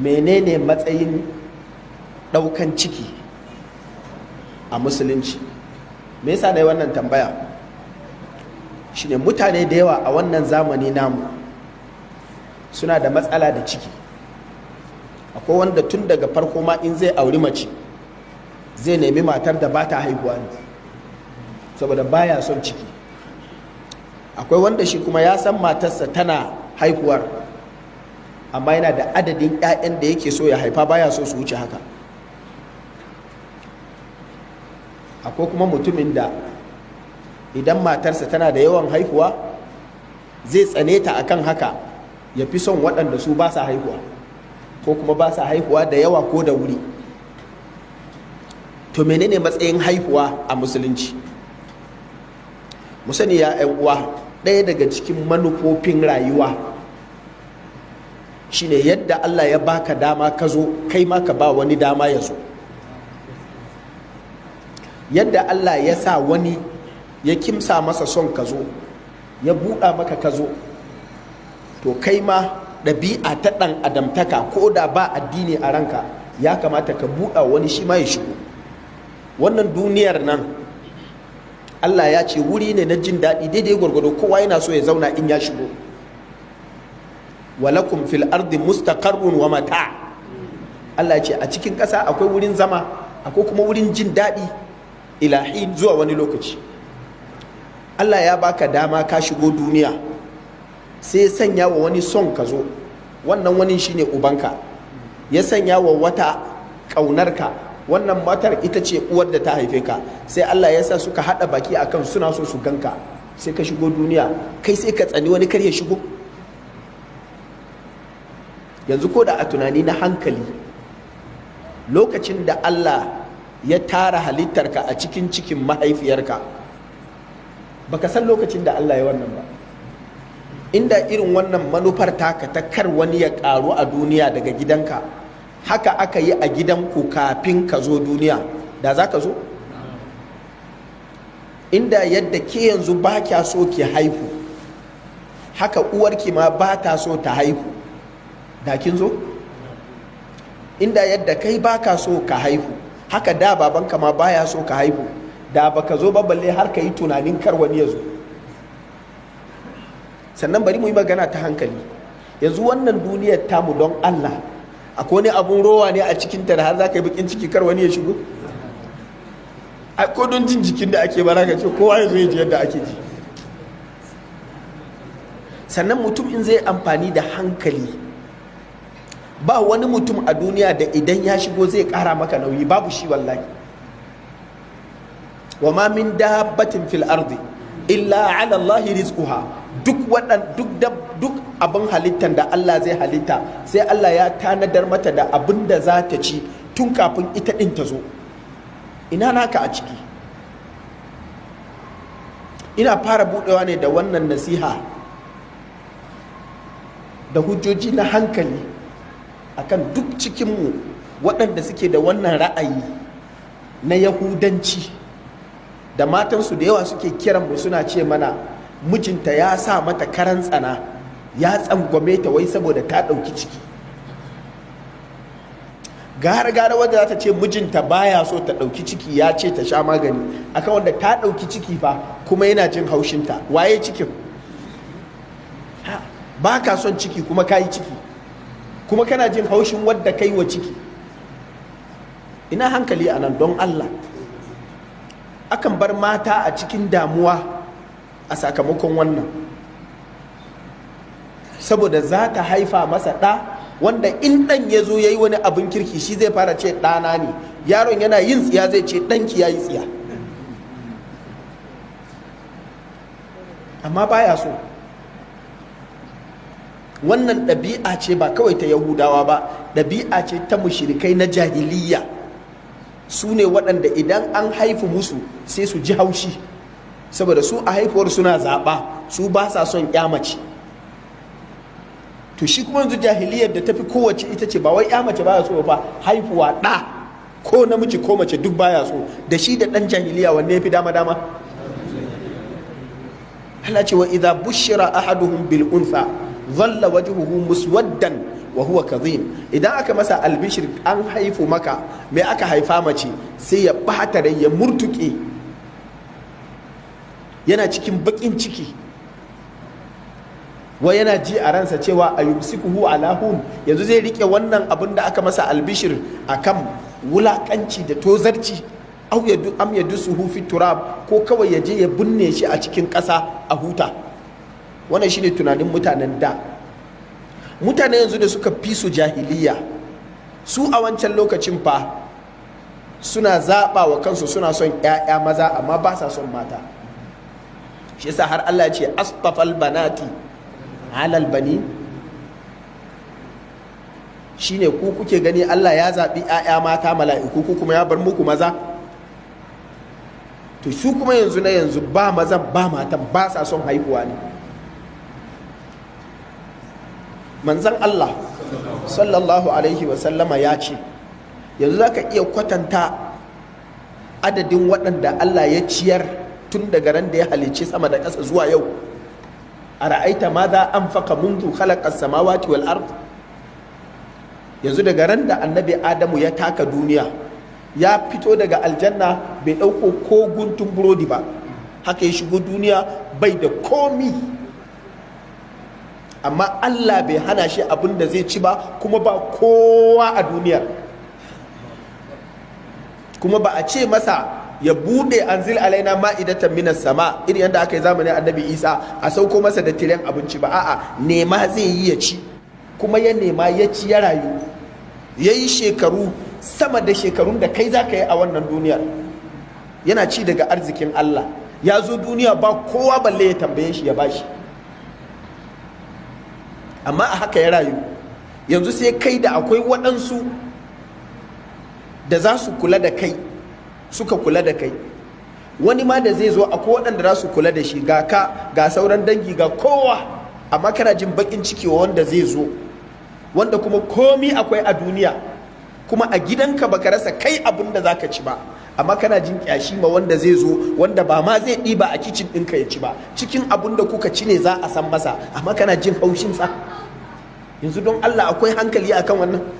menene matsayin ɗaukan ciki a musulunci me yasa na yi wannan tambaya shine mutane da yawa a wannan zamani namu suna da matsala da ciki akwai wanda tun daga farko ma in zai auri mace zai nemi matar da ba ta haihuwa ne saboda baya son ciki akwai wanda shi kuma ya san matarsa tana haihuwar amma yana da adadin 'ya'yan da yake so ya haifa baya so su wuce haka akwai kuma mutumin da idan matarsa tana da yawan haihuwa zai tsane ta akan haka ya fi son waɗanda su ba sa haihuwa ko kuma ba sa haihuwa da yawa ko da wuri to menene matsayin haihuwa a musulunci musani ya uwa ɗaya daga cikin manufofin rayuwa shine yadda Allah ya baka dama ka zo kai ma ka ba wani dama ya zo yadda Allah ya sa wani ya kimsa masa son ka zo ya buɗa maka ka zo to kai ma ɗabi'a ta ɗan adamtaka ko da ba addini a ranka ya kamata ka buɗa wani shi ma ya shigo wannan duniyar nan Allah ya ce wuri ne na jin daɗi daidai gwargwado kowa yana so ya zauna in ya shigo walakum fil ardi mustaqarrun wa mata Allah ya ce a cikin ƙasa akwai wurin zama akwai kuma wurin jin daɗi ilahi zuwa wani lokaci Allah ya baka dama ka shigo duniya sai sanya wa wani son ka zo wannan wani shine ubanka ya sanya wa wata ƙaunarka wannan matar ita ce uwar da ta haife ka sai Allah ya sa suka haɗa baki akan suna so su ganka sai ka shigo duniya kai sai ka tsani wani kar ya shigo yanzu ko da a tunani na hankali lokacin da Allah ya tara halittarka a cikin cikin mahaifiyarka baka san lokacin da Allah ya wannan ba inda irin wannan manufar taka ta kar wani ya karu a duniya daga gidanka haka aka yi a gidanku kafin ka zo duniya da za ka zo inda yadda ke yanzu ba kya so ki haihu haka uwarki ma ba ta so ta haihu da kin zo inda yadda kai baka so ka haihu haka da babanka ma baya so ka haihu da baka zo ba balle har ka yi tunanin kar wani ya zo sannan bari mu yi magana ta hankali yanzu wannan duniyar tamu don Allah akwai wani abun rowa ne a cikin ta da har ka yi bakin ciki kar wani ya shigo a kodon jin jikin da ake bara ka ce kowa ya zo ya ji yadda ake ji sannan mutum in zai amfani da hankali ba wani mutum a duniya da idan ya shigo zai kara maka nauyi babu shi wallahi wa ma min dabbatin fil ardi illa ala Allah rizquha duk wadan duk duk abin halittan da Allah zai halitta sai Allah ya tanadar mata da abin da za ta ci tun kafin ita din ta zo ina naka a ciki ina fara budewa ne da wannan nasiha da hujjoji na hankali akan duk cikinmu waɗanda suke da wannan ra'ayi na yahudanci da matansu da yawa suke kiranmu suna ce mana mijinta ya sa mata karan tsana ya tsangwame ta wai saboda ta ɗauki ciki gara-gara wanda za ta ce mijinta baya so ta ɗauki ciki ya ce ta sha magani akan wanda ta ɗauki ciki fa kuma yana jin haushinta waye cikin ba ka son ciki kuma ka yi ciki kuma kana jin haushin wadda kai wa ciki ina hankali a nan don allah akan bar mata a cikin damuwa a sakamakon wannan saboda za ta haifa masa ɗa wanda in ɗan ya zo ya yi wani abin kirki shi zai fara ce ɗana ne yaron yana yin tsiya zai ce ɗanki ya yi tsiya amma baya so wannan ɗabi'a ce ba kawai ta yahudawa ba ɗabi'a ce ta mushirikai na jahiliya su ne waɗanda idan an haifu musu sai su ji haushi saboda su a haifuwar suna zaɓa su ba sa son mace to shi kuma yanzu jahiliyar da tafi kowace ita ce ba wai mace baya so ba haifuwa ɗa ko namiji ko mace duk baya so da shi da ɗan jahiliya wanne ya fi dama dama Allah ce wa idza bushira ahaduhum bil unsa zalla dhalla wajhuhu muswaddan wa huwa kadhim idan aka masa albishir an haifu maka me aka haifa mace sai ya bata rai ya murtuke yana cikin bakin ciki wa yana ji a ransa cewa a yumsikuhu hu yanzu zai rike wannan abin da aka masa albishir akan wulakanci da tozarci au yadu am ya fi turab ko kawai ya je ya binne shi a cikin ƙasa a huta wannan shine tunanin mutanen da mutane yanzu da suka fi su jahiliya su a wancan lokacin fa suna zaɓa wa kansu suna son 'ya'ya maza amma ba sa son mata shi yasa har Allah ce astafal banati halal bani shine ku kuke gani Allah ya zaɓi 'ya'ya mata mala'iku ku kuma ya bar muku maza to su kuma yanzu na yanzu ba mazan ba matan ba sa son haihuwa ne manzan Allah sallallahu alaihi wasallama ya ce yanzu za ka iya kwatanta adadin waɗanda Allah ya ciyar tun daga ran da ya halicci sama da ƙasa zuwa yau a ra'aita ma za an faka mundu khalaƙar samawati wal ard yanzu daga ran da annabi adamu ya taka duniya ya fito daga aljanna bai ɗauko ko guntun burodi ba haka ya shigo duniya bai da komi amma Allah bai hana shi abin da zai ci ba kuma ba kowa a duniyar kuma ba a ce masa ya bude anzil alaina ma'idatan minas sama irin yadda aka yi zamanin annabi isa a sauko masa da tiren abinci ba a'a nema zai yi ya ci kuma ya nema ya ci ya rayu ya yi shekaru sama da shekarun da kai za ka yi a wannan duniyar yana ci daga arzikin allah ya zo duniya ba kowa balle ya tambaye shi ya bashi shi amma a haka ya rayu yanzu sai kai da akwai waɗansu da za su kula da kai suka kula da kai wani ma da zai zo akwai waɗanda za su kula da shi ga ka ga sauran dangi ga kowa amma kana jin baƙin ciki wa wanda zai zo wanda kuma komi akwai a duniya kuma a gidanka baka rasa kai abin da ka ci ba amma kana jin kyashi ma wanda zai zo wanda ba ma zai ɗiba a kicin ɗinka ya ci ba cikin abin da kuka ci ne za a san masa amma kana jin haushinsa yanzu don Allah akwai hankali akan wannan